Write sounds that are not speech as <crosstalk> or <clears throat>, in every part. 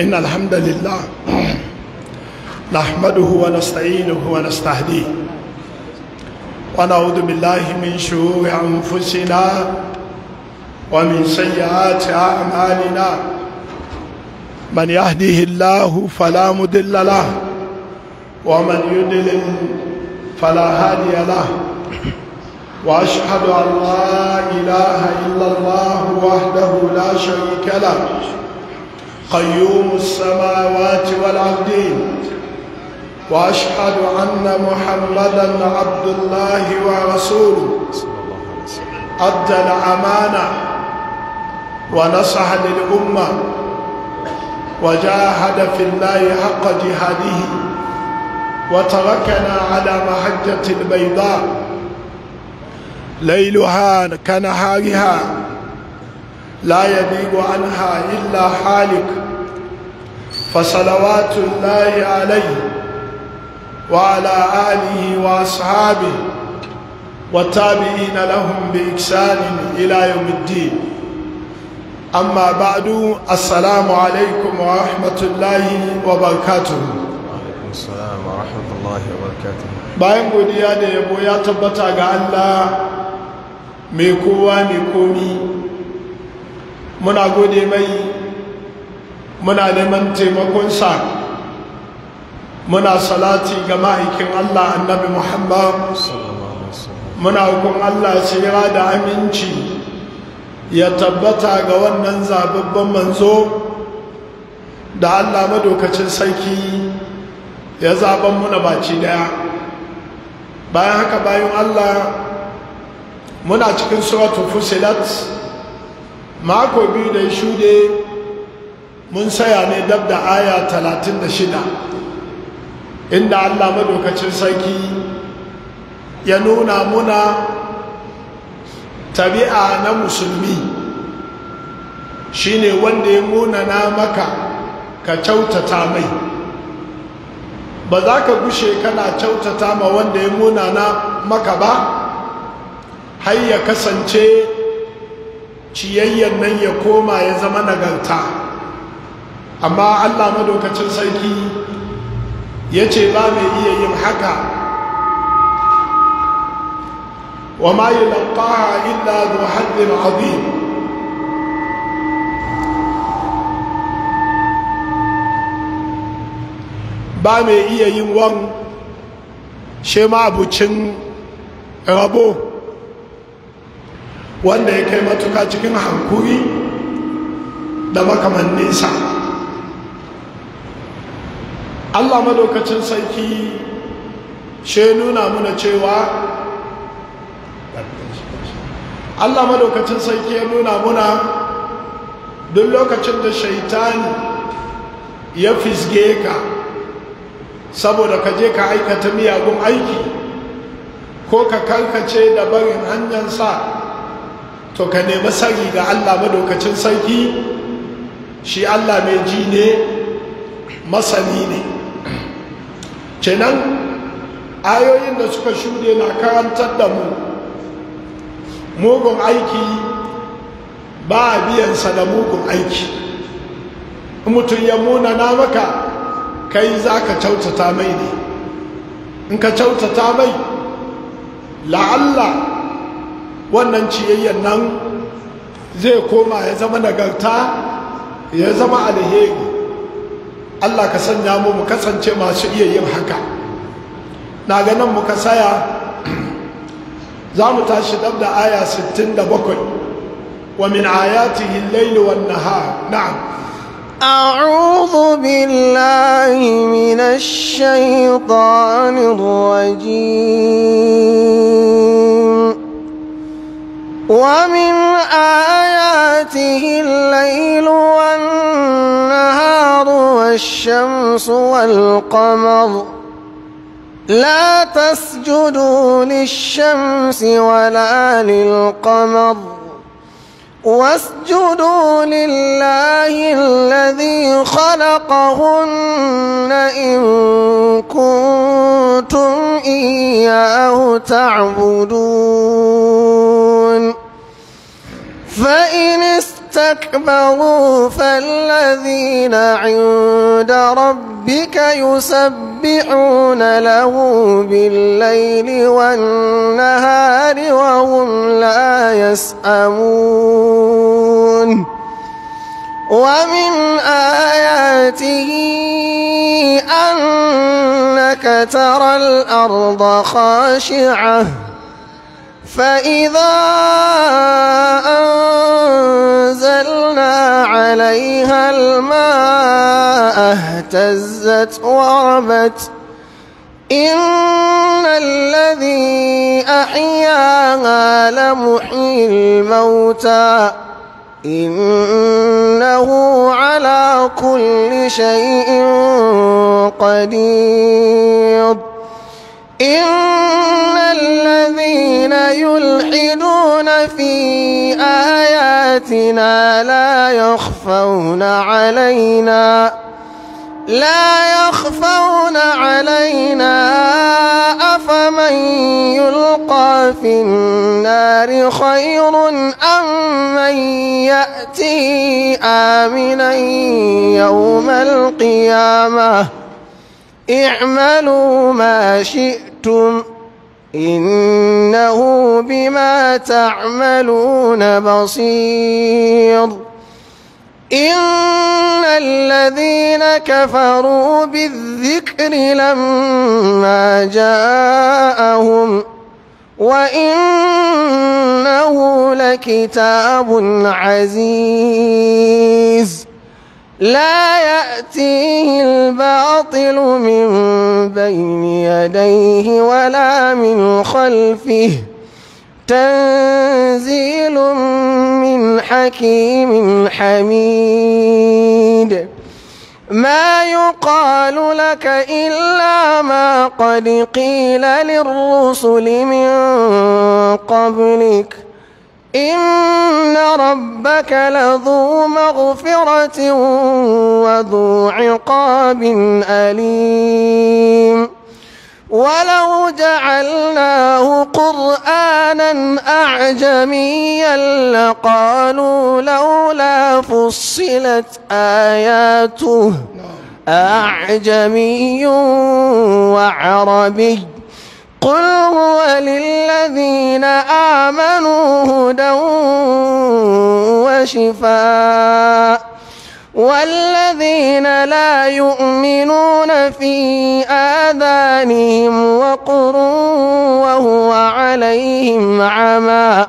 إن الحمد لله <clears throat> نحمده ونستعينه ونستهديه ونعوذ بالله من شرور أنفسنا ومن سيئات أعمالنا من يهده الله فلا مضل له ومن يضلل فلا هادي له واشهد ان لا اله الا الله وحده لا شريك له قيوم السماوات والأرضين واشهد ان محمدا عبد الله ورسوله ادى الامانه ونصح للامه وجاهد في الله حق جهاده وتركنا على محجه البيضاء ليلها كنهارها لا يبيغ عنها إلا حالك فصلوات الله عليه وعلى آله وأصحابه والتابعين لهم بإحسان إلى يوم الدين أما بعد السلام عليكم ورحمة الله وبركاته عليكم السلام ورحمة الله وبركاته bayan godiya da yabo ya tabbata ga Allah mai kowa mai komi muna gode mai muna neman taimakonsa muna salati ga ma'aikin Allah annabi Muhammad muna hukun Allah tsira da aminci ya tabbata ga wannan zababban manzo da Allah madaukacin sarki ya zaben muna baci daya bayan haka bayan Allah muna cikin suratul fusilat mako biyu da shuɗe mun saya ne dab da aya 36 inda allah madaukacin sarki ya nuna muna tabi'a na musulmi shine wanda ya munana maka ka kyautata mai ba za ka gushe kana kyautata ma wanda ya na maka ba har ya kasance ciyayyar nan ya koma ya zama nagarta amma allah madaukacin sarki ya ce ba mai iya yin haka wa ma yi laƙaha illa da haddin azim ba mai iya yin wan shema abucin rabo wanda ya kai matuka cikin hankuri da makamanninsa allah madaukacin sarki she nuna muna cewa allah madaukacin sarki ya nuna muna duk lokacin da shaitani ya fisge ka saboda ka je ka aikata miyagun aiki ko ka karkace da barin hanyar sa to ka nemi sani ga allah madaukacin sarki shi allah mai ji ne masani ne kenan ayoyin da suka shuɗe na karantar da mu mugun aiki ba a sa da mugun aiki mutum ya muna na maka kai za ka kyautata mai ne in ka kyautata mai la'alla wannan ciyayyan nan zai koma ya zama nagarta ya zama alheri allah ka sanya mu mu kasance masu iya yin haka na ganin muka saya <clears throat> za mu tashi dab da aya 67 ومن wa الليل والنهار نعم أعوذ بالله من الشيطان الرجيم ومن آياته الليل والنهار والشمس والقمر لا تسجدوا للشمس ولا للقمر واسجدوا لله الذي خلقهن إن كنتم إياه تعبدون فإن استكبروا فالذين عند ربك يسبحون له بالليل والنهار وهم لا يسأمون ومن آياته أنك ترى الأرض خاشعة فإذا أنزلنا عليها الماء اهتزت وربت إن الذي أحياها لمحيي الموتى إنه على كل شيء قدير إن يلحدون في آياتنا لا يخفون علينا لا يخفون علينا أفمن يلقى في النار خير أم من يأتي آمنا يوم القيامة اعملوا ما شئتم إنه بما تعملون بصير إن الذين كفروا بالذكر لما جاءهم وإنه لكتاب عزيز لا يأتيه الباطل من بين يديه ولا من خلفه تنزيل من حكيم حميد ما يقال لك إلا ما قد قيل للرسل من قبلك إن ربك لذو مغفرة وذو عقاب أليم ولو جعلناه قرآنا أعجميا لقالوا لولا فصلت آياته أعجمي وعربي قل هو للذين آمنوا هدى وشفاء والذين لا يؤمنون في آذانهم وقر وهو عليهم عمى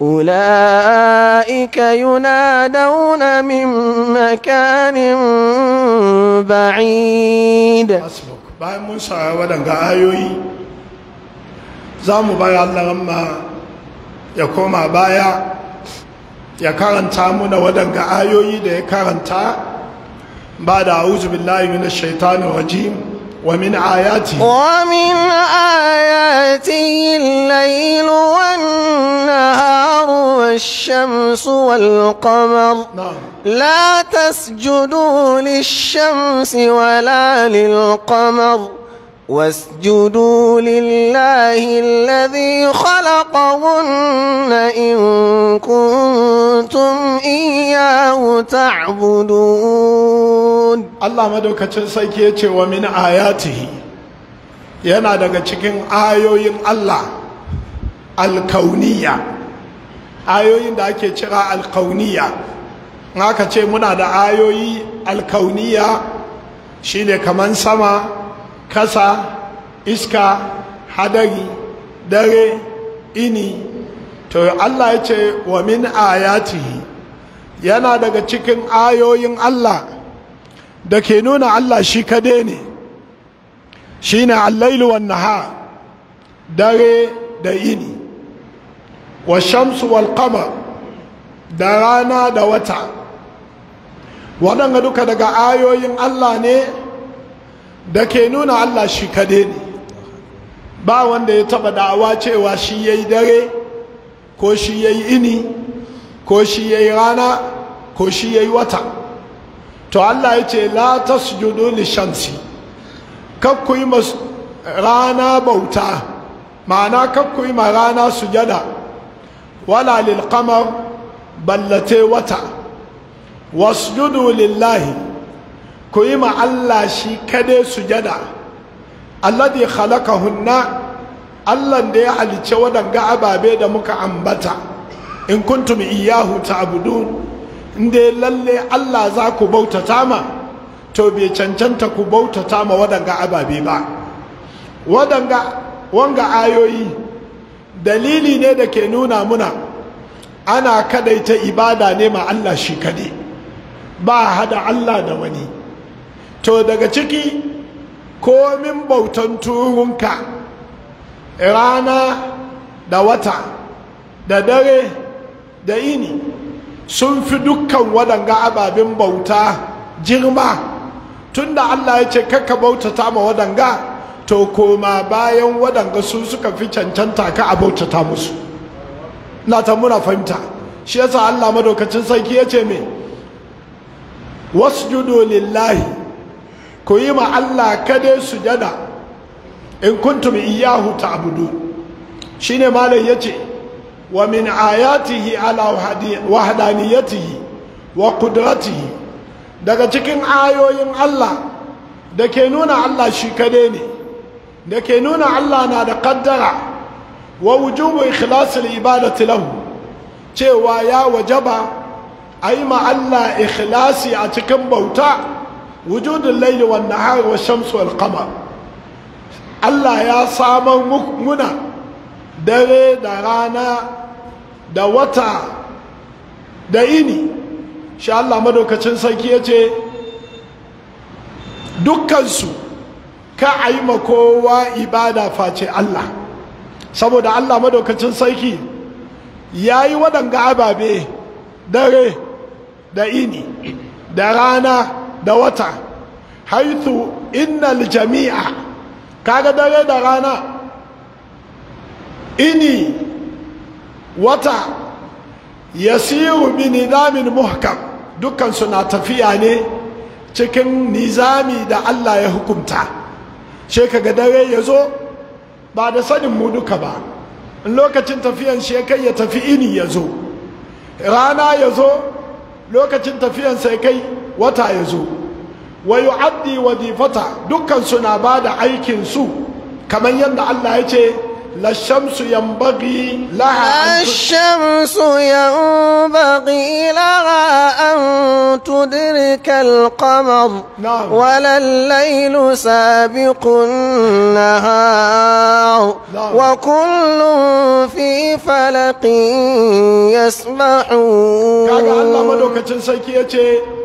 أولئك ينادون من مكان بعيد. Bayan mun sa zamu baya Allah ramma ya koma baya ya karanta muna waɗanga ayoyi da ya karanta ba da auzu billahi minash shaitani rajim wa min ayati wa min ayati al-layl wan-nahar wash-shams wal-qamar la tasjudu lish واسجدوا لله الذي خلقهن إن كنتم إياه تعبدون الله مدوكا تنسيكي ومن آياته yana daga cikin ayoyin Allah alkauniya ayoyin da ake cira alkauniya aka ce muna da ayoyi alkauniya shine kaman sama kasa iska hadari dare ini to Allah ya ce wa min ayatihi yana daga cikin ayoyin Allah da ke nuna Allah shi kade ne shi ne allailu wa naha dare da ini wa shamsu wal qamar da rana da wata waɗanda duka daga ayoyin Allah ne da ke nuna Allah shi kaɗai ne ba wanda ya taɓa da'awa cewa shi ya yi dare ko shi ya yi ini ko shi ya yi rana ko shi ya yi wata to Allah ya ce la ta sujudu li shamsi kakku yi rana bauta ma'ana kakku yi ma rana sujada wala lil qamar ballate wata wasjudu lillahi ku yi ma Allah shi kade sujada halaka hunna Allah da ya halice waɗanga ababe da muka ambata in kuntum iyahu ta in inda lalle Allah za ku bauta tama, to bai cancanta ku bautata ma waɗanga ababe ba waɗanga wanga ayoyi dalili ne da ke nuna muna ana kadaita ibada ne ma Allah shi kade ba hada Allah da wani to daga ciki komin bautan turunka rana da wata da dare da ini sun fi dukkan waɗanga ababen bauta girma tunda allah ya ce kakka bautata ma waɗanga to koma bayan waɗanga su suka fi cancanta ka a bautata musu na ta muna fahimta shi yasa allah madaukacin sarki ya ce me judo lillahi ku yi ma Allah kade sujada in kuntum iyyahu ta'budu shine malam yace wa min ayatihi ala wahdaniyatihi wa qudratihi daga cikin ayoyin Allah da ke nuna Allah shi kade ne da ke nuna Allah na da ƙaddara. wa wujubu ikhlasil ibadati lahu cewa ya wajaba ai ma Allah ikhlasi a cikin bauta wujudul laili wan har wa shamsu wal qamar Allah ya samar muna dare da rana da wata da ini shi Allah madaukacin sarki ya ce dukkansu ka a yi kowa ibada face Allah saboda Allah madaukacin sarki ya yi waɗanga ababe dare da ini da rana da wata haithu innal jami'a kaga dare da rana ini wata yasiru bi nizamin muhkam dukkan suna tafiya ne cikin nizami da Allah ya hukunta she kaga dare ya zo ba da sanin mu duka ba in lokacin tafiyan shi kai ya tafi ini ya zo rana ya zo lokacin tafiyan sai kai wata ya zo wa yi addi wadifata dukkan suna ba aikinsu kamar yadda Allah ya ce lashamsu yan baƙi laha an tudiri kalkamar walan lailu sabiƙun wa kullum fi falaƙin ya kaga Allah madaukacin sarki ya ce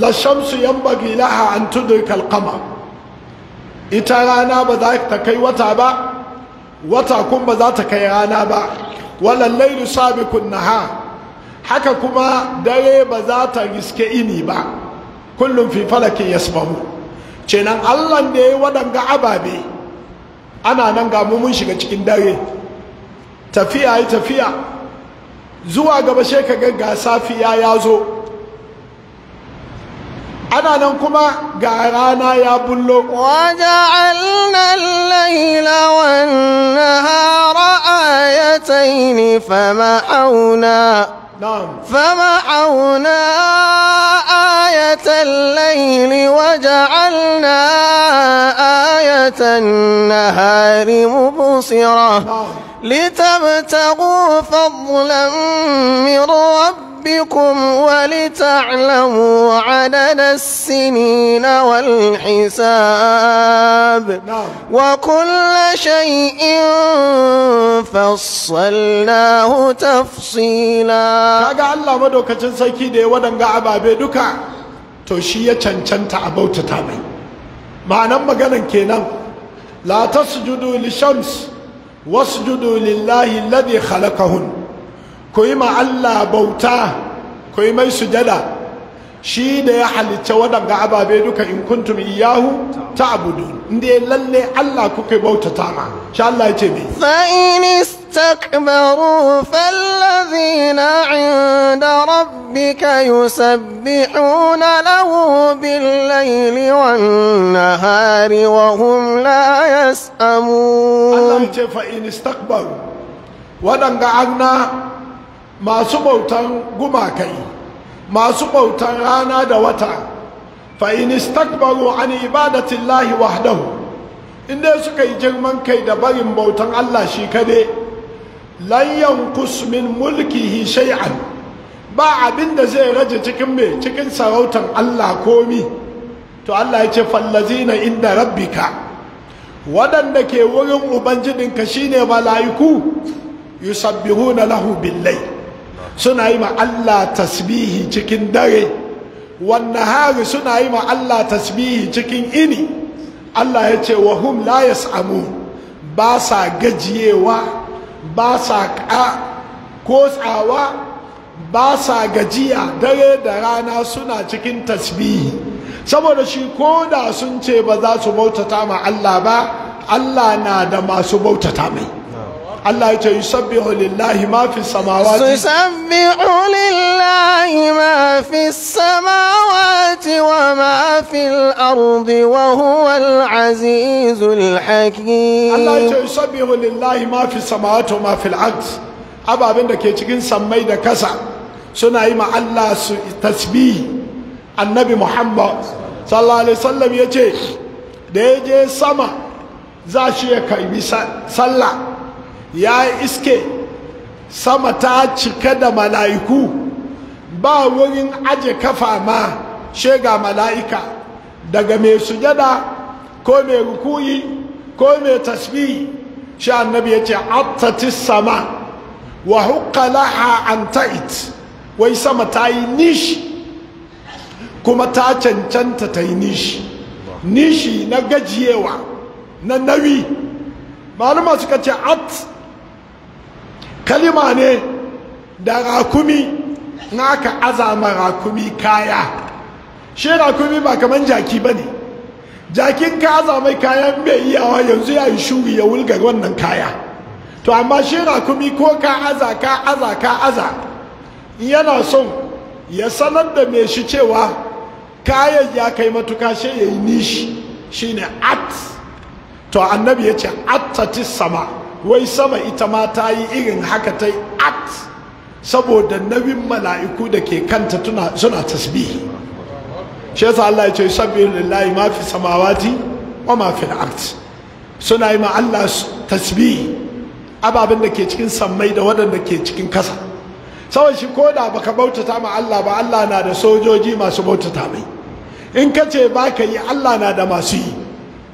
la shamsu yanbaghi laha an tudrika al ita rana ba za ta kai wata ba wata kun ba za ta kai rana ba wala laylu sabiqun nahar haka kuma dare ba za ta riske ini ba kullum fi falakin yasbahu kenan Allah da ya wadanga ababe ana nan ga mun shiga cikin dare tafiya yi tafiya zuwa gaba sai ka ga safiya ya zo أنا نكما قارانا يا بلو وجعلنا الليل والنهار آيتين فمحونا نعم فمحونا آية الليل وجعلنا آية النهار مبصرة نعم. لتبتغوا فضلا من ربكم ولتعلموا عدد السنين والحساب وكل شيء فصلناه تفصيلا kaga Allah madaukacin sarki da ya wadanga ababe duka to shi ya cancanta a bautata mai ma'anan maganan kenan la tasjudu lishams wasjudu lillahi ladhi khalaqahun ku yi ma Allah bauta ku yi mai sujada shi da ya halicce waɗanda ababe duka in kuntum iyahu ta'budu inda lalle Allah kuka bautata ma sha Allah ya ce me fa in istakbaru fallazina 'inda rabbika yusabbihuna lahu bil layli wan nahari wa hum la yas'amun Allah ya ce fa in istakbaru waɗanda agna masu bautan gumakai masu bautan rana da wata fa'in istakbaru an ibadatin lahi wahdahu inda suka yi girman kai da barin bautan Allah shi kade lanyan kusmin mulkihi shay'an ba abin da zai rage cikin mai cikin sarautar Allah komi to Allah ya ce fallazina inda rabbika waɗanda ke wurin ubangijinka shine mala'iku yusabbihuna lahu billai suna yi ma Allah tasbihi cikin dare wanda hari suna yi ma Allah tasbihi cikin ini Allah ya ce wa hum la yas'amu ba sa gajiyewa ba sa tsawa ba sa gajiya dare da rana suna cikin tasbihi saboda shi ko da sun ce ba za su bautata ma Allah ba Allah na da masu bautata mai Allah ya ce yusabbihu lillahi ma fi samawati yusabbihu lillahi ma fi samawati wa ma fi ardi wa huwal al-azizul hakim Allah ya ce yusabbihu lillahi ma fi samawati wa ma fi al ababen da ke cikin sammai da kasa suna yi ma Allah su tasbi annabi Muhammad sallallahu alaihi wasallam ya ce da ya je sama za shi ya karbi sallah ya iske sama ta cika da mala'iku ba wurin aje kafa ma shega mala'ika daga mai sujada ko mai rukuyi ko mai tasbi shi annabi ya ce attatis sama wa hukka laha an ta'it wai sama ta yi nishi kuma ta cancanta ta yi nishi nishi na gajiyewa na nawi malama suka ce at kalima ne da rakumi na aka azama rakumi kaya shi rakumi ba kamar jaki ba ne jakin ka azamai kaya mai iyawa yanzu ya yi shuri ya wulgar wannan kaya to amma shi rakumi ko ka aza ka aza ka aza yana son ya sanar da mai shi cewa kayan ya kai matuka shi ya yi nishi shine at to annabi ya ce attatis sama wai sama ita ma ta yi irin haka ta yi at saboda nabin mala'iku da ke kanta suna tasbihi shi yasa Allah ya ce sabbihu lillahi ma fi samawati wa ma fi suna yi ma Allah tasbihi ababen da ke cikin sammai da wadanda ke cikin kasa saboda shi ko da baka bautata ma Allah ba Allah na da sojoji masu bautata mai in ka ce ba ka yi Allah na da masu yi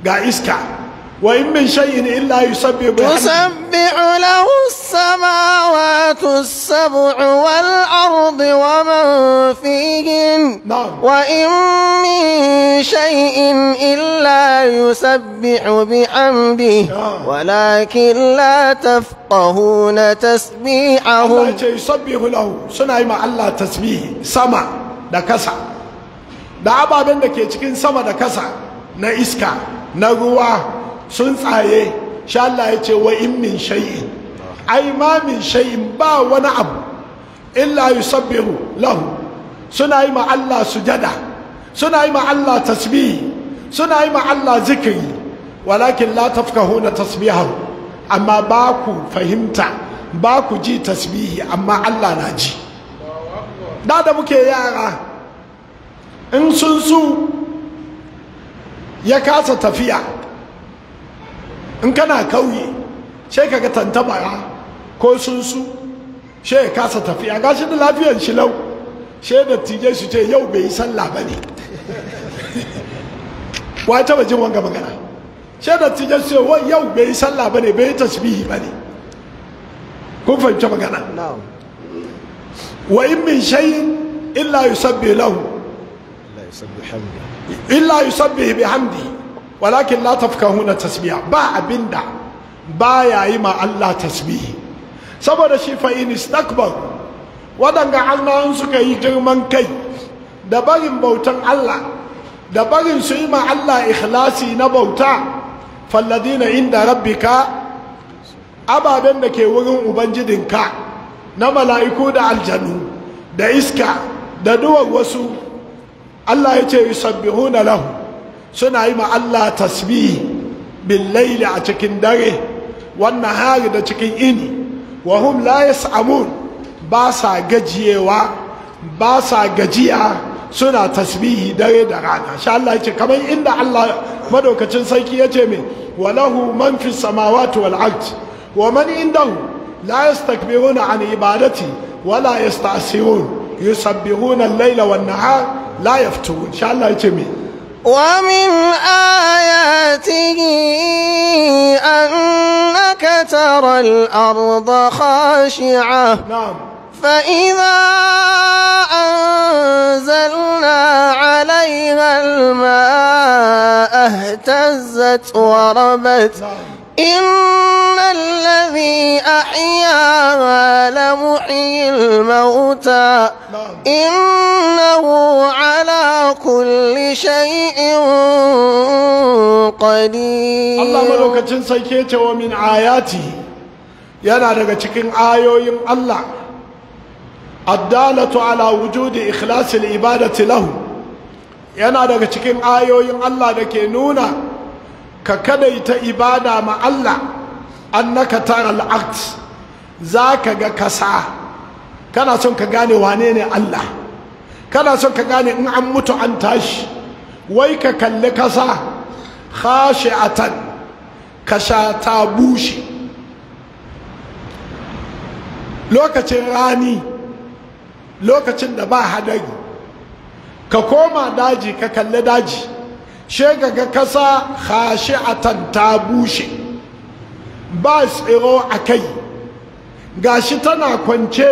ga iska وإن من شيء إلا يسبح بحمده تسبح له السماوات السبع والأرض ومن فيهن نعم وإن من شيء إلا يسبح بحمده نعم. ولكن لا تفقهون تسبيحهم الله يسبح له سنعي الله تسبيح سما da kasa da ababen da ke cikin sama da kasa na iska na ruwa tsuntsaye sha Allah ya ce wa in min shay'in ai ma min shay'in ba wani abu illa yusabbihu lahu suna yi ma Allah sujada suna yi ma Allah tasbihi suna yi ma Allah zikiri walakin la tafkahuna tasbihahu amma ba ku fahimta ba ku ji tasbihi amma Allah na ji da da muke yara in sun su ya kasa tafiya in kana kauye sai kaga tantaba ko sunsu sai ya kasa tafiya gashi da lafiyar shi lau sai da tije su ce yau bai yi sallah ba ne <laughs> wa taba jin wanga magana sai da tije su ce wai yau bai yi sallah ba ne bai yi tasbihi ba ne kun fahimci magana wa in min shay illa yusabbihu lahu illa yusabbihu bihamdihi walakin la tafkahuna tasbiha ba abinda ba ya yi ma Allah tasbihi saboda shi fa in istakbar wadanga annawan suka yi girman kai da barin bautan Allah da barin su yi ma Allah ikhlasi na bauta falladina inda rabbika ababen da ke wurin ubangijinka na mala'iku da aljanu da iska da duwar wasu Allah ya ce yusabbihuna lahu suna yi Allah tasbih بالليل أتكن داري والنهار دا إني وهم لا يسعمون باسا ججي و باسا ججيا سنة تسبيه داري دارانا شاء الله كما إن الله مدو كتن سيكي وله من في السماوات والأرض ومن عنده لا يستكبرون عن عبادتي ولا يستعسرون يسبغون الليل والنهار لا يفتون إن شاء الله يتمين ومن آياته أنك ترى الأرض خاشعة نعم فإذا أنزلنا عليها الماء اهتزت وربت نعم. إن الذي أحياها لمحيي الموتى إنه على كل شيء قدير الله ملوك تنسيكيت ومن آياته yana daga cikin ayoyin Allah addalatu ala wujudi ikhlasil ibadati lahu yana daga cikin ayoyin Allah da ke nuna ka kadaita ibada ma Allah annaka tara al'aqd zaka ga kasa kana son ka gane wane ne Allah kana son ka gane in an mutu an tashi wai ka kalli kasa khashi'atan kasha ta bushe lokacin rani lokacin da ba hadari ka koma daji ka kalli daji shega ga kasa khashi'atan ta bushe ba tsiro a kai gashi tana kwance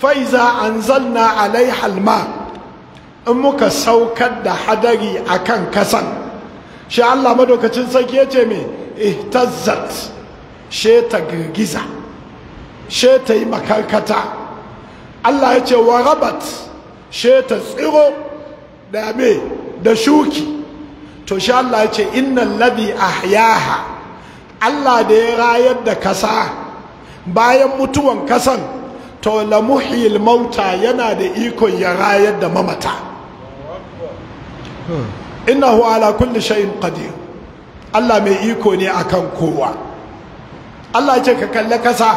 faiza an zanna alai halma in muka saukar da hadari a kan kasan shi allah madaukacin sarki ya ce mai ihtazzat she ta girgiza she ta yi makarkata allah ya ce wa rabat she ta tsiro da me da shuki to shi allah ya ce innan labi ahyaha Allah da ya rayar da kasa bayan mutuwan kasan to la muhyil mauta yana da iko ya rayar da mamata innahu ala kulli shay'in qadir Allah mai iko ne akan kowa Allah ce ka kalle kasa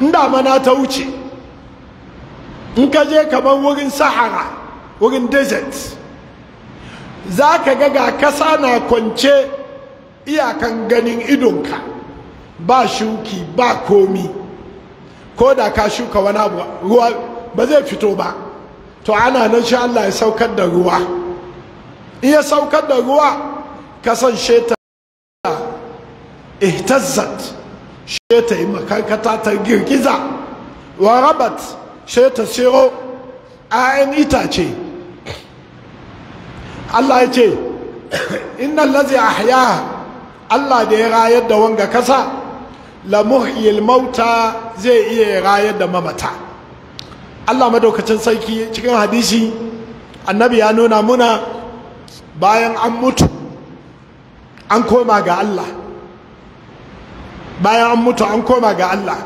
inda mana ta wuce in ka je kaman wurin sahara wurin desert za ka ga ga kasa na kwance iyakan ganin idonka ba shuki ba komi ko da ka shuka wani abu ruwa ba zai fito ba to ana nan shi Allah ya saukar da ruwa in ya saukar da ruwa kasance ta ihtazzat shi ta yi makarkata ta girgiza wa rabat she ta siro ayan itace Allah ya ce inna lazi ahyaha Allah da ya rayar da wanga kasa la muhyil mauta zai iya rayar da mamata Allah madaukacin sarki cikin hadisi annabi ya nuna muna bayan an mutu an koma ga Allah bayan an mutu an koma ga Allah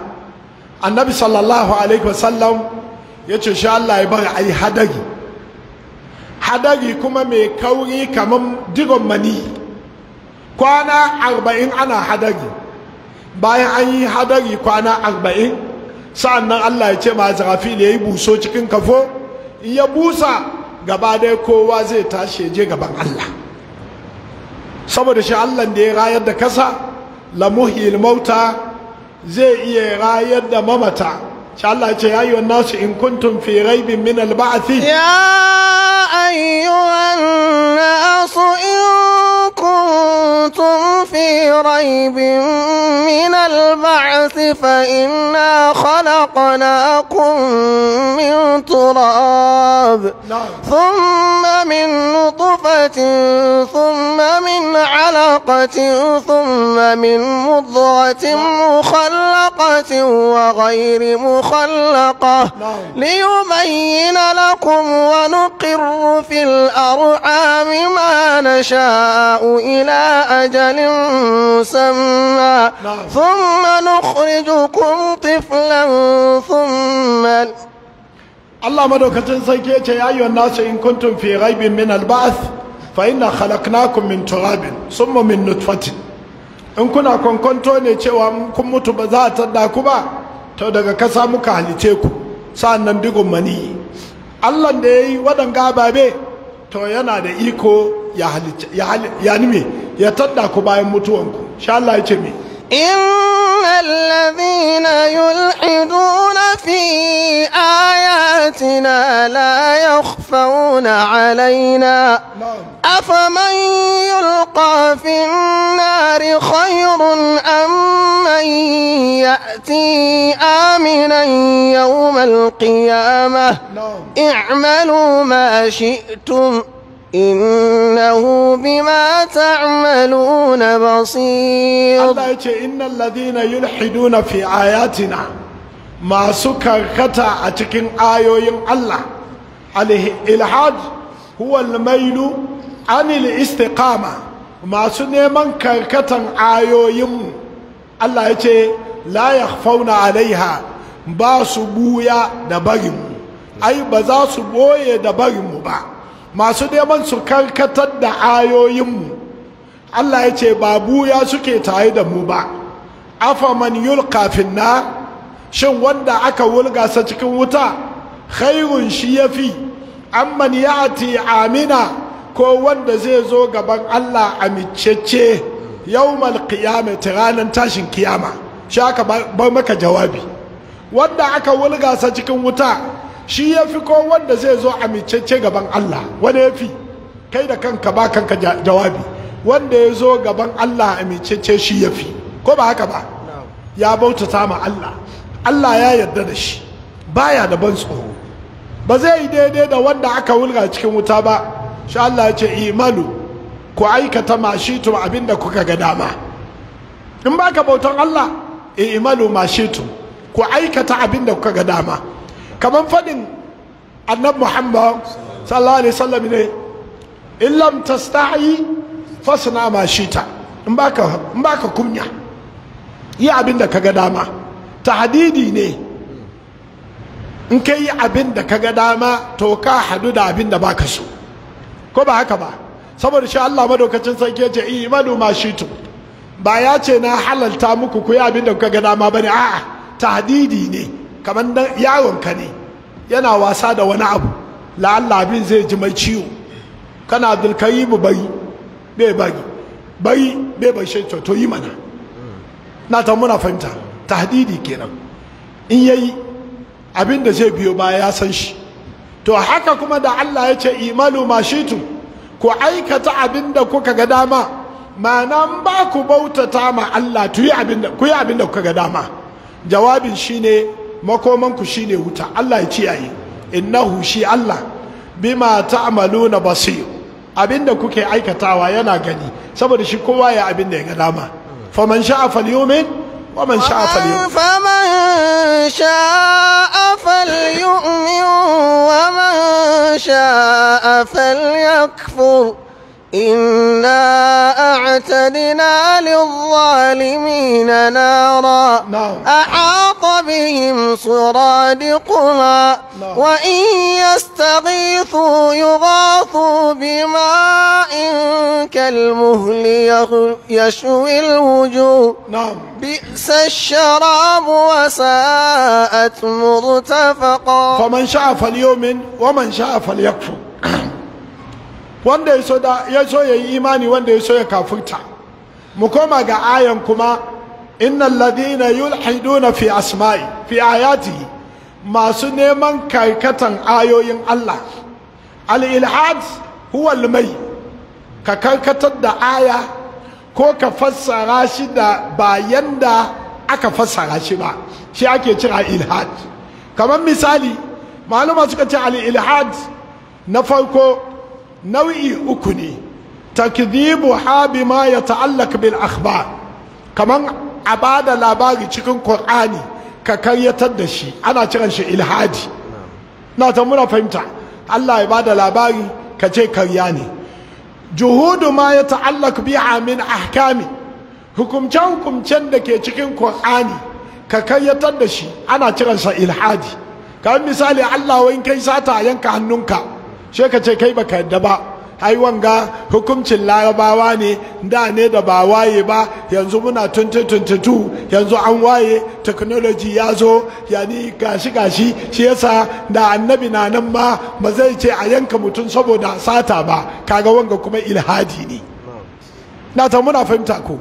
annabi sallallahu alaihi wasallam ya ce sha Allah ya bar ayi hadari hadari kuma mai kauri kamar digon mani kwana arba'in ana hadari bayan an yi hadari kwana arba'in sa'an nan allah ya ce ma zarafi da ya yi buso cikin kafo in ya busa gaba dai kowa zai tashi je gaban allah saboda shi allah da ya rayar da kasa lamuhil mauta zai iya rayar da mamata shi allah ce ya yi wa nasu in kuntum fi raibin min alba'athi ya ayyuhan nasu in كنتم في ريب من البعث فإنا خلقناكم من تراب نعم. ثم من نطفة ثم من علقة ثم من مضغة مخلقة وغير مخلقة نعم. ليبين لكم ونقر في الأرحام ما نشاء إلى أجل Allah ثم نخرجكم طفلا ثم الله مدوكتن سيكيتي يا أيها الناس إن كنتم في غيب من البعث فإنا خلقناكم من تراب ثم من نطفة in kuna kankanto ne cewa kun mutu ba za a tadda ku ba to daga kasa muka halice ku sa'an nan mani Allah da ya yi waɗanga ababe to yana da iko ya halitta ya nime ya tadda ku bayan mutuwanku sha Allah ya ce me innal ladhina yulhiduna fi ayatina la yakhfawna alaina afaman yulqa fi an-nari khayrun am man ya'ti aminan yawm al-qiyamah i'malu ma shi'tum إنه بما تعملون بصير الله يجي إن الذين يلحدون في آياتنا ما سكر كتا أتكين آيوين الله عليه إلحاد هو الميل عن الاستقامة ما سنمان كركتا آيوين الله يجي لا يخفون عليها ba su buya da barinmu ai ba za su boye da barinmu ba masu neman su karkatar da ayoyinmu Allah ya ce ba buya suke tare da mu ba afaman kafin na. shin wanda aka wulga cikin wuta khairun shi yafi amman ya'ti amina ko wanda zai zo gaban Allah amicece yawmal qiyamati ranan tashin kiyama shi aka bar maka jawabi wanda aka wulgasa cikin wuta shi ya fi ko wanda zai zo amicece gaban Allah wani ya fi kai da kanka ba kanka jawabi wanda ya zo gaban Allah amicece shi ya fi ko ba haka ba ya bautata ma Allah Allah ya yarda da shi baya da ban tsoro ba zai yi daidai da wanda aka wulga cikin wuta ba sha Allah ya ce imanu ku aikata mashitum abinda kuka ga dama in baka bautan Allah imanu mashitum ku aikata abinda kuka ga dama kamar faɗin annab muhammad sallallahu alaihi wasallam ne in lam tasta'i fasna ma shita in baka in baka kunya yi abin da kaga dama tahdidi ne in kai yi abin da kaga dama to ka hadu da abin baka so ko ba haka ba saboda shi Allah madaukacin sarki ya ce imanu ma shitu ba ya ce na halalta muku ku yi abin kuka ga dama bane a'a tahdidi ne kamar dan ka ne yana wasa da wani abu la'alla abin zai ji mai ciwo kana mu bari bai bari bari bai bai shi to yi mana na ta muna fahimta tahdidi kenan in yayi abin da zai biyo baya ya san shi to haka kuma da Allah ya ce imalu mashitu ku aikata abin da kuka ga dama ma'ana ba ku bautata ma Allah tu yi abin da kuka ga dama jawabin shine makomanku shine wuta Allah ya kiyaye innahu shi Allah bima ta'maluna basir abinda kuke aikatawa yana gani saboda shi kowa ya abinda ya ga dama faman sha'a falyumin ومن شاء فليؤمن فمن شاء فليؤمن ومن شاء إنا أعتدنا للظالمين نارا نعم. أحاط بهم صرادقها نعم. وإن يستغيثوا يغاثوا بماء كالمهل يشوي الوجوه نعم. بئس الشراب وساءت مرتفقا فمن شاء فليؤمن ومن شاء فليكفر wanda ya so da ya so ya yi imani wanda ya so ya kafirta mu koma ga ayan kuma innal ladina yulhiduna fi asma'i fi ayatihi masu neman karkatan ayoyin Allah al ilhad huwa al mai ka karkatar da aya ko ka fassara shi da bayan da aka fassara shi ba shi ake cira ilhad kamar misali maluma suka ce al ilhad na farko nau'i uku ne takdhibu habi ma ya ta'allak bil akhbar kaman a bada labari cikin qur'ani ka karyatar da shi ana kiran shi ilhadi na ta muna fahimta Allah ya bada labari ka ce karya ne juhudu ma ya ta'allak bi min ahkami hukumce hukumcen da ke cikin qur'ani ka karyatar da shi ana kiransa ilhadi kamar misali Allah wai kai sata yanka hannunka she ka ce kai baka yadda ba ai wanga hukuncin larabawa ne da ne da ba waye ba yanzu muna tuntutuntutu yanzu an waye technology ya zo yani gashi gashi shi yasa da annabi na nan ma ba zai ce a yanka mutum saboda sata ba kaga wanga kuma ilhadi ne na ta muna fahimta ko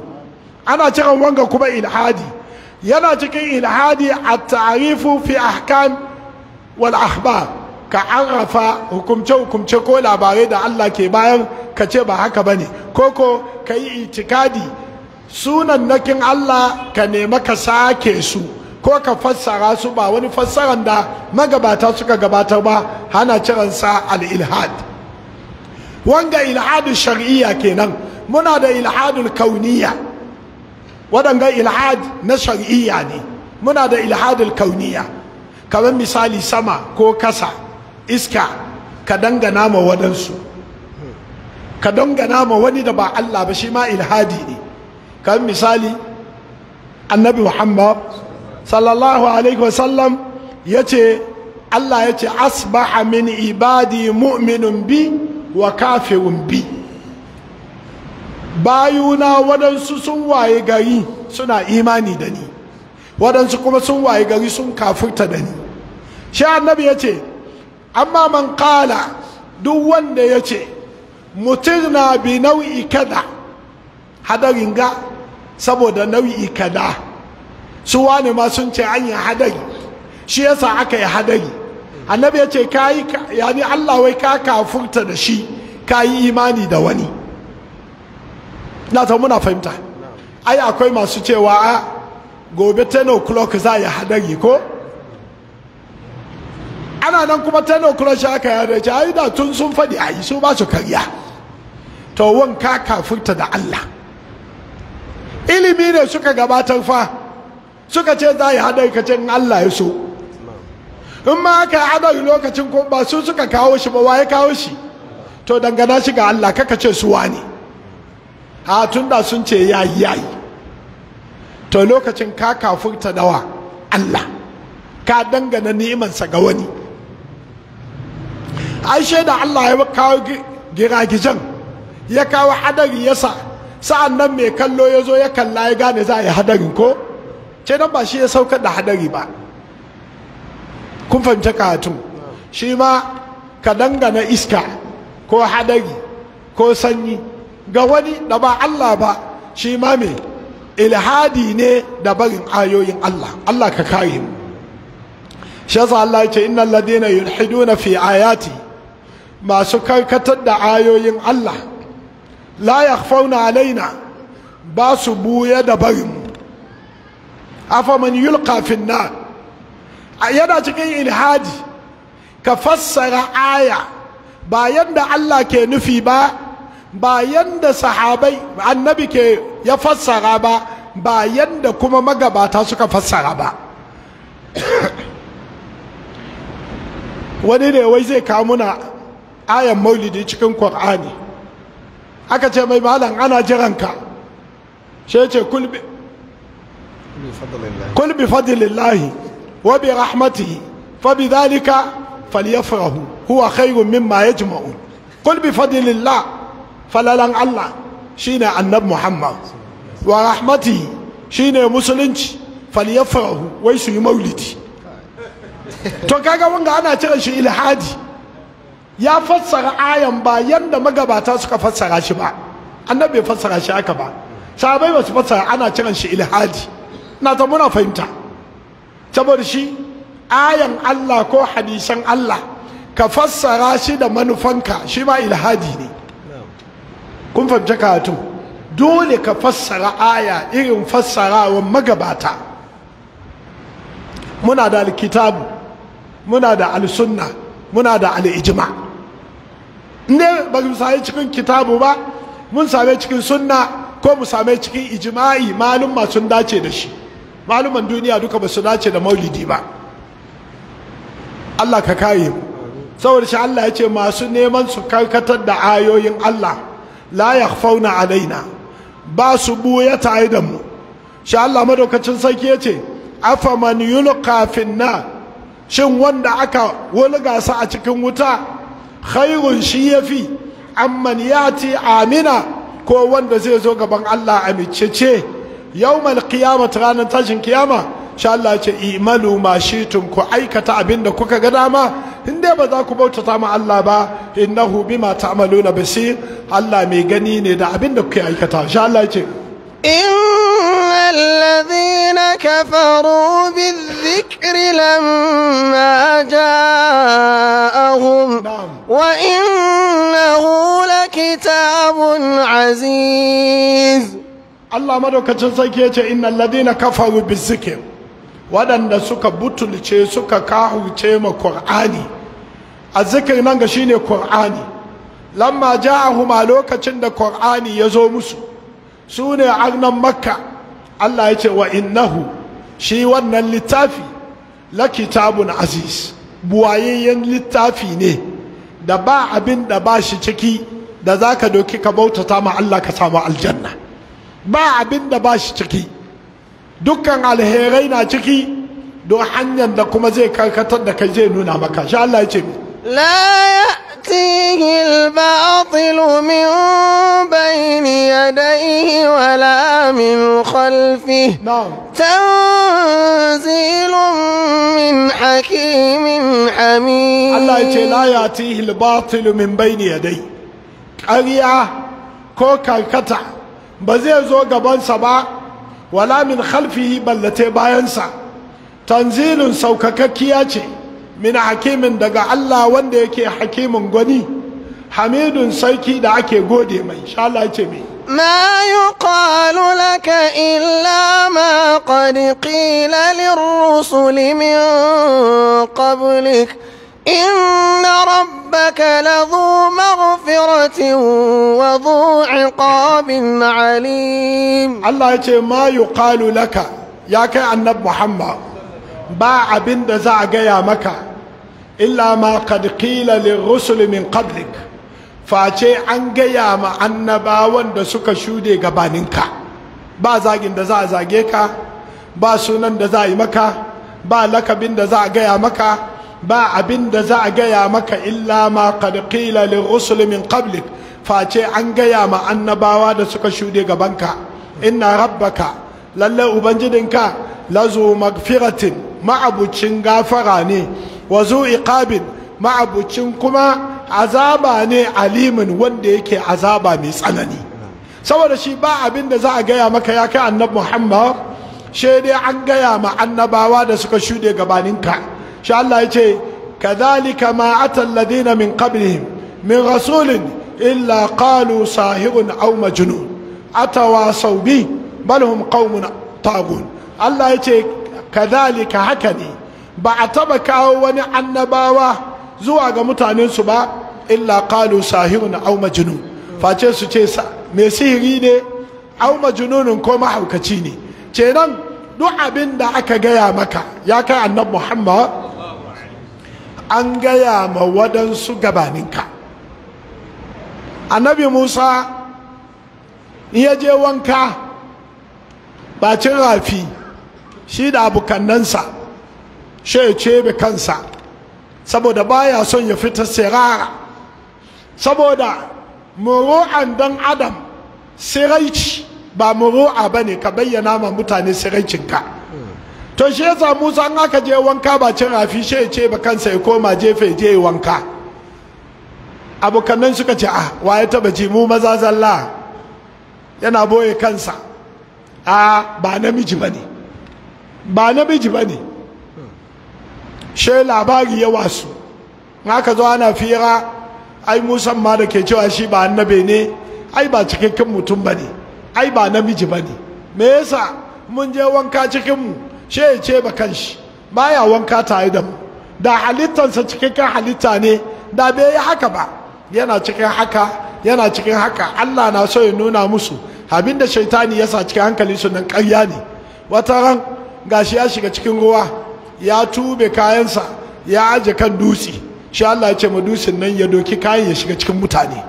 ana cikin wanga kuma ilhadi yana cikin ilhadi a tarifu fi ahkam wal ahbar ka arrafa hukumce-hukumce ko labarai da Allah ke bayar ka ce ba haka ba ne koko ka yi itikadi sunan nakin Allah ka nema ka sake su ko ka fassara su ba wani fassaran da magabata suka gabatar ba hana ciransa al-ilhad wanga ilhadu shar'iyya kenan muna da ilhadul kauniya waɗanga ilhad na shar'iyya ne muna da ilhadul kauniya kamar misali sama ko kasa iska ka dangana ma waɗansu ka dangana ma wani da ba Allah ba shi ma ilhadi ne kan misali annabi muhammad sallallahu alaihi wasallam ya ce Allah ya ce asbaha min ibadi mu'minun bi wa kafirun bi bayuna waɗansu sun waye gari suna imani da ni waɗansu kuma sun waye gari sun kafirta da ni shi annabi ya ce amma man kala duk wanda ya ce mutum na bi nau'i kada hadarin ga saboda nau'i kada su wane ma sun ce an yi hadari shi yasa aka yi hadari annabi ya ce kayi yani Allah wai ka kafurta da shi ka yi imani da wani na ta muna fahimta ai akwai masu cewa a gobe 10 o'clock za a yi hadari ko ana nan kuma ten o'clock aka yare ce ai da tun sun faɗi ayi su ba su karya to wanka kafurta da Allah ilimi ne suka gabatar fa suka ce za yi hadari ka ce in Allah ya so in ma aka yi lokacin ko ba su suka kawo shi ba waye kawo shi to dangana shi ga Allah kaka ce su wani a tun da sun ce ya yi ya yi to lokacin ka da dawa Allah ka dangana ni'imansa ga wani ai da Allah ya kawo giragijan ya kawo hadari ya sa sa'an nan mai kallo ya zo ya kalla ya gane za a yi hadarin ko ce nan ba shi ya sauka da hadari ba kun fahimci karatu shi ma ka dangana iska ko hadari ko sanyi ga wani da ba Allah ba shi ma mai ilhadi ne da barin ayoyin Allah Allah ka kare mu shi yasa Allah ya ce innal ladina yulhiduna fi ayati masu karkatar da ayoyin Allah la yakhfauna alaina ba su buya da barin afa man yulqa na a yana cikin ilhadi ka fassara aya ba yanda Allah ke nufi ba ba yanda sahabai annabi ke ya fassara ba ba yanda kuma magabata suka fassara ba <coughs> wani ne wai zai kamuna ayan maulidi cikin qur'ani aka ce mai malam ana jiranka shi ce kulbi fadilillahi wa bi rahmatihi fa bi dhalika falyafrahu huwa khayrun mimma yajma'u kul bi fadlillah falalan Allah shine annab Muhammad wa rahmatihi shine musulunci falyafrahu wai su yi maulidi to kaga wanga ana cire shi ilhadi ya fassara ayan ba yanda magabata suka fassara shi ba annabi bai fassara shi haka ba sahabai ba su fassara ana kiran shi ilhadi na ta muna fahimta saboda shi ayan Allah ko hadisan Allah ka fassara shi da manufanka shi ma ilhadi ne kun fahimci karatu dole ka fassara aya irin fassarawan magabata muna da alkitabu muna da alsunna muna da al'ijima ne ba mu same cikin kitabu ba mun same cikin sunna ko mu sami cikin ijma'i ma sun dace da shi maluman duniya duka ba su dace da maulidi ba Allah ka kare mu saboda shi Allah ya ce masu neman su karkatar da ayoyin Allah la yakhfauna alaina ba su buya tare da mu shi Allah madaukacin sarki ya ce afaman yulqa na. shin wanda aka wulga sa a cikin wuta khairun shi yafi amman ce amina ko wanda zai zo gaban Allah amicece yawmal qiyamah ranar tashin kiyama sha Allah ce imalu ma shitum ku aikata abin da kuka ga dama in dai ba za ku bautata ma Allah ba innahu bima ta'maluna basir Allah mai gani ne da abin da kuke aikata sha Allah ce innal ladhina kafaru bi dhikri aziz Allah madaukacin sarki yace innal ladina kafaru bizikr waɗanda suka butulce suka kahurce ma qur'ani azzikr nan ga shine qur'ani lamma ahuma lokacin da qur'ani ya zo musu sune arnan makka Allah yace wa innahu shi wannan littafi la kitabun aziz buwayayyen littafi ne da ba abin da ba shi ciki da za ka doki ka bautata ma Allah ka samu aljanna ba abin da ba shi ciki dukkan alherai na ciki don hanyar da kuma zai karkatar da kai zai nuna maka Shi Allah ya ce لا يأتيه الباطل من بين يديه ولا ya dai, نعم تنزيل من حكيم حميد الله يقول لا ƙarya ko karkata ba zai zo gabansa ba wala min khalfihi ballate bayansa tanzilun saukakakkiya ce min hakimin daga Allah wanda yake hakimin gwani hamidun sarki da ake gode mai insha Allah ce mai ما يقال لك إلا ما قد قيل للرسل من قبلك إن ربك لذو مغفرة وذو عقاب عليم الله يقول ما يقال لك يا كي النبي محمد با abin da za gaya maka illa ma qad qila lirrusul min qablik face an gaya ma annabawan da suka shude gabaninka ba zagin da za a zage ka ba sunan da za yi maka ba lakabin da za gaya maka ba abin da za a gaya maka illa ma qad qila lirrusul min qablik face an gaya ma annabawa da suka shuɗe gabanka inna rabbaka lalle ka. lazu magfiratin ma'abucin gafara ne wa zu iqabin ma'abucin kuma azaba ne alimin wanda yake azaba mai tsanani saboda shi ba abin da za a gaya maka ya kai annabi muhammad shi dai an gaya ma annabawa da suka shuɗe gabaninka shi Allah ya ce kadhalika ma atal min qablihim min rasulin illa qalu sahirun aw majnun atawasaw bi bal hum qaumun tagun Allah ya ce kadhalika haka ne ba a taba kawo wani annabawa zuwa ga mutanen su ba illa qalu sahirun aw majnun face su ce me sihiri ne aw majnunun ko mahaukaci ne kenan duk abin da aka gaya maka ya kai annabi Muhammad an gaya ma waɗansu gabaninka annabi musa ya je wanka bacin rafi shi da abokannansa shi ya cebe kansa saboda baya son ya fita sirara saboda muru'an dan adam siraici ba muru'a ba ne ka bayyana ma mutane siraicinka to shi ya Musa an aka je wanka ba cin rafi shi ce ba kansa ya koma jefe je wanka abokannan suka ce ah waye taba ji mu maza zalla yana boye kansa a ba namiji bane ba namiji bane she labari ya wasu ka zo ana fira ai musan ma da ke cewa shi ba annabe ne ai ba cikakken mutum bane ai ba namiji bane me yasa mun je wanka cikin mu she ya ce ba kanshi baya wanka tare da mu da halittarsa cikakken halitta ne da bai yi haka ba yana cikin haka yana cikin haka Allah na so ya nuna musu abin da shaitani ya sa cikin hankali su nan ƙarya ne wata ran gashi ya shiga cikin ruwa ya tube kayansa ya aje kan dutse shi Allah ya ce ma dutsen nan ya doki kayan ya shiga cikin mutane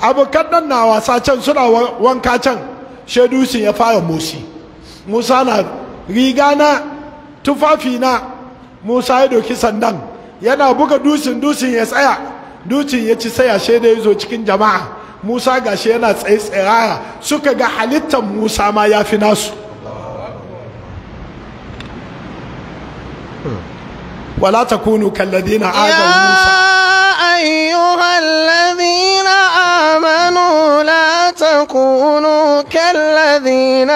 abokan nan na wasa can suna wanka can shi ya fara musi musa na riga na tufafi musa ya doki sandan yana buga dusin dusin ya tsaya dusin ya ci saya da ya zo cikin jama'a musa gashi yana tsaye tsirara suka ga halittar musa ma ya fi nasu ولا hmm. تكونوا kalladina musa أيها الذين آمنوا لا تكونوا كالذين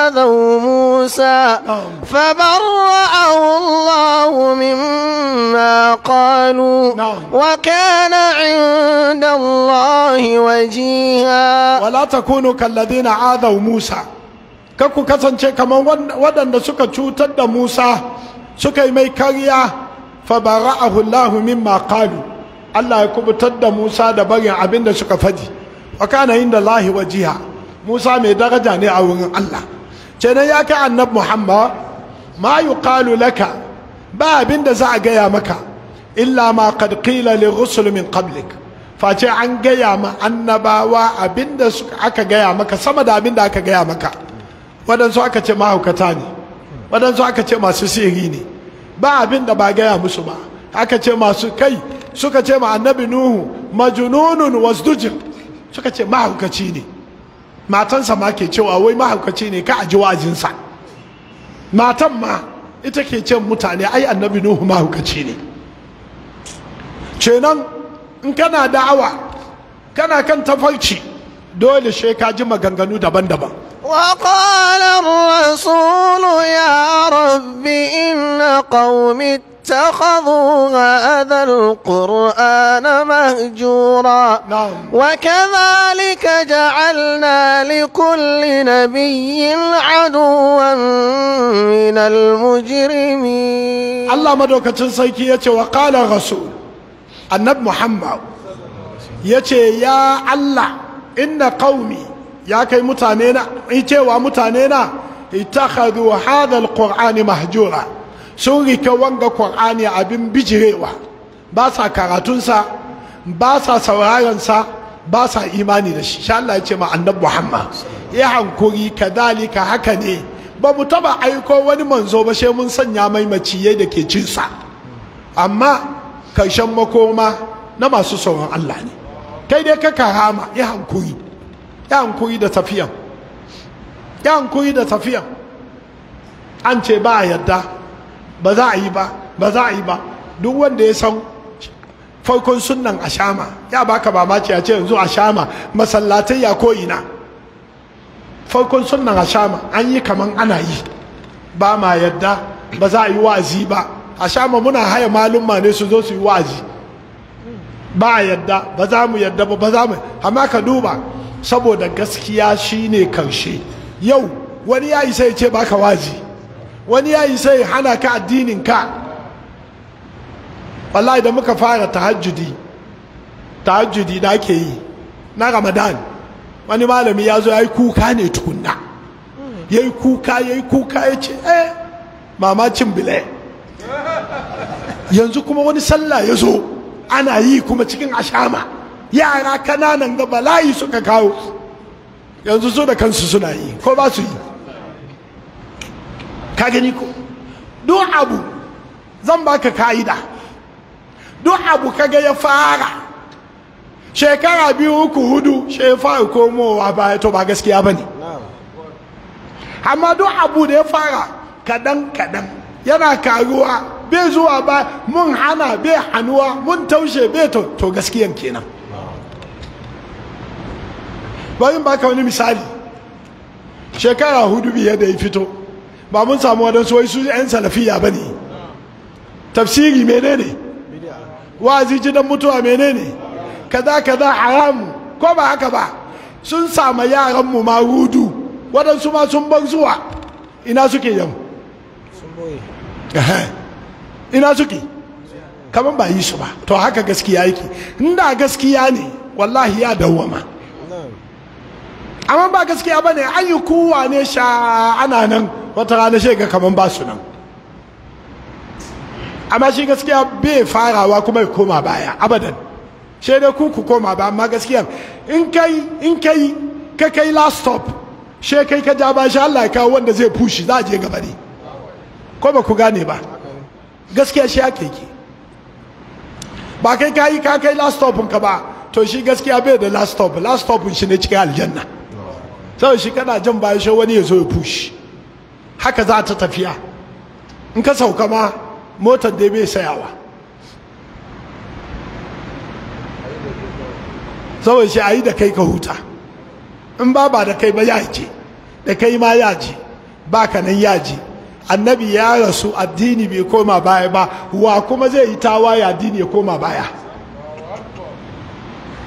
آذوا موسى فبرأه الله مما قالوا نعم. وكان عند الله وجيها ولا تكونوا كالذين آذوا موسى kakku kasance kamar waɗanda suka cutar مُوسَى Musa suka yi mai karya fa bara'ahu Allah ya kubutar da Musa da barin abin da suka faɗi wa kana inda lahi wajiha Musa mai daraja ne a wurin Allah kenan ya kai annab Muhammad ma yuqalu laka ba abin da za a gaya maka illa ma qad qila li rusul min qablik face an gaya ma annabawa abin da aka gaya maka sama da abin da aka gaya maka waɗansu aka ce mahaukata ne waɗansu aka ce masu sihiri ne ba abin da ba gaya musu ba aka ce masu kai suka ce ma annabi nuhu majununun wasdujin suka ce mahaukaci ne matansa ma ke cewa wai mahaukaci ne ka aji wajinsa matan ma ita ke ce mutane ai annabi nuhu mahaukaci ne kenan in kana da'awa kana kan tafarci dole shi ka ji maganganu daban-daban وقال الرسول يا رب إن قوم اتخذوا هذا القرآن مهجورا نعم. وكذلك جعلنا لكل نبي عدوا من المجرمين الله مدوكة سيكية وقال رسول النبي محمد يتي يا الله إن قومي يا كي متانينا يتي ومتانينا اتخذوا هذا القرآن مهجورا sun rike wanga ƙur'ani abin bijirewa ba sa karatunsa ba sa saurarensa ba sa imani da shi sha Allah ya ce ma annabi Muhammad ya hankuri ka ka haka ne ba mu taba aiko wani manzo ba sai mun sanya mai maciye da ke cinsa amma karshen makoma na masu sauran Allah ne kai dai ka karama ya hankuri ya hankuri da tafiyan ya hankuri da tafiyan an ce ba a yadda ba za a yi ba ba za a yi ba duk wanda ya san farkon sunnan ashama ya baka mamaci a ce yanzu ashama masallatai ya ko'ina farkon sunnan ashama an yi kaman ana yi ba ma yadda ba za a yi wa'azi ba ashama muna haya malumma ne su zo su yi wa'azi ba a yadda ba za mu yadda ba ba za mu amma ka duba saboda gaskiya shine karshe yau wani ya isa ya ce baka wazi wani ya yi sai hana ka addinin ka wallahi da muka fara tahajjudi tahajjudi da ake yi na ramadan wani malami ya zo ya yi kuka ne tukunna ya yi kuka ya yi kuka ya ce eh mamacin bile yanzu kuma wani sallah ya zo ana yi kuma cikin ashama yara kananan da bala'i suka kawo yanzu zo da kansu suna yi ko ba su yi ka gani ko don abu zan baka ka'ida duk abu kaga ya fara shekara biyu uku hudu shefar komowa baya to ba gaskiya ba ne amma don abu da ya fara kadan kadan yana karuwa bai zuwa ba mun hana bai hannuwa mun taushe bai to, gaskiyan kenan bari baka wani misali shekara hudu biyar da ya fito ba mun samu wadansu wai su 'yan salafiya ba ne tafsiri mene menene ji gidan mutuwa mene ne. kaza kaza haram ko ba haka ba sun samu mu ma rudu waɗansu ma sun bar zuwa ina suke yau ina suke kamar ba yi su ba to haka gaskiya yake inda gaskiya ne wallahi ya dawwama amma ba gaskiya ba ne an yi kowa ne sha ana nan wata rana shi ga kaman ba su nan amma shi gaskiya bai farawa kuma koma baya abadan shi da ku ku koma ba amma gaskiya in kai in kai ka kai last stop shi kai ka ja ba shi Allah ya kawo wanda zai fushi za a je gaba ne ko ba ku gane ba gaskiya shi ake ki ba kai ka yi ka kai last stop ka ba to shi gaskiya bai da last stop last stop shi ne cikin aljanna sau shi kana jan baya shi wani ya zo ya fushi haka za ta tafiya in ka sauka ma motar da bai sayawa sau shi a yi da kai ka huta in ba ba da kai ba ya ce da kai ma ya je ba ka nan ya annabi ya rasu addini bai koma baya ba wa kuma zai yi tawaye addini ya koma baya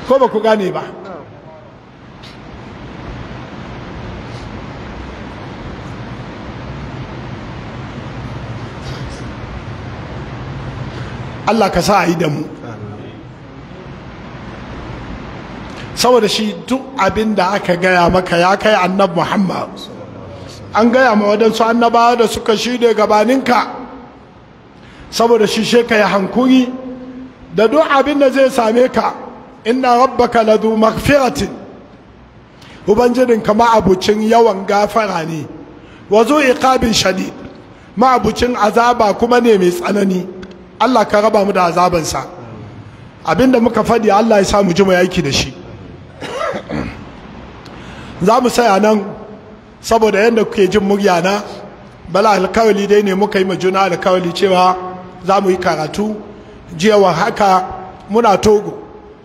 ko ba ku gane ba Allah ka sa a yi da mu saboda shi duk abin da aka gaya maka ya kai annab muhammad an gaya ma waɗansu annabawa da suka shirya gabaninka saboda shi she ka hankuri da duk abin da zai same ka inna rabbaka ladu magfiratin ubangijin ka ma'abucin yawan gafara ne wazo iqabin shadid ma'abucin azaba kuma ne mai tsanani Allah ka raba mu da azabansa abinda muka faɗi Allah ya sa mu ji mu yaki da shi <clears throat> za mu saya nan saboda yadda kuke jin murya na bala alkawali dai ne muka yi ma juna alkawali cewa za mu yi karatu jiyawa haka muna togo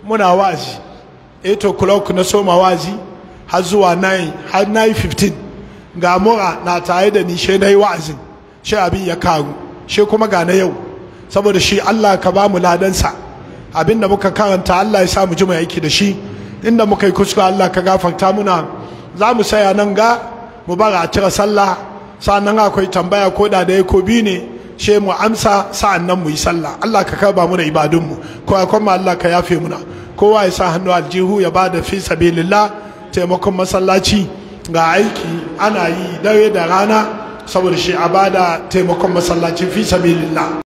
muna wa'azi 8 o'clock na soma wa'zi har zuwa 9 har 9:15 ga mura na tare da ni shi na yi wa'azin shi abin ya karu shi kuma ga na yau saboda shi Allah ka ba mu ladansa abinda muka karanta Allah ya sa mu ji mai aiki da shi inda muka yi kuskure Allah ka gafarta muna za mu saya nan ga mu bara a cire sallah sa'annan akwai tambaya ko da da ko biyu ne she mu amsa sa'annan mu yi sallah Allah ka karba mu da ibadunmu ko akwai kuma Allah ka yafe muna kowa ya sa hannu aljihu ya ba da fi sabilillah taimakon masallaci ga aiki ana yi dare da rana saboda shi a bada taimakon masallaci fi sabilillah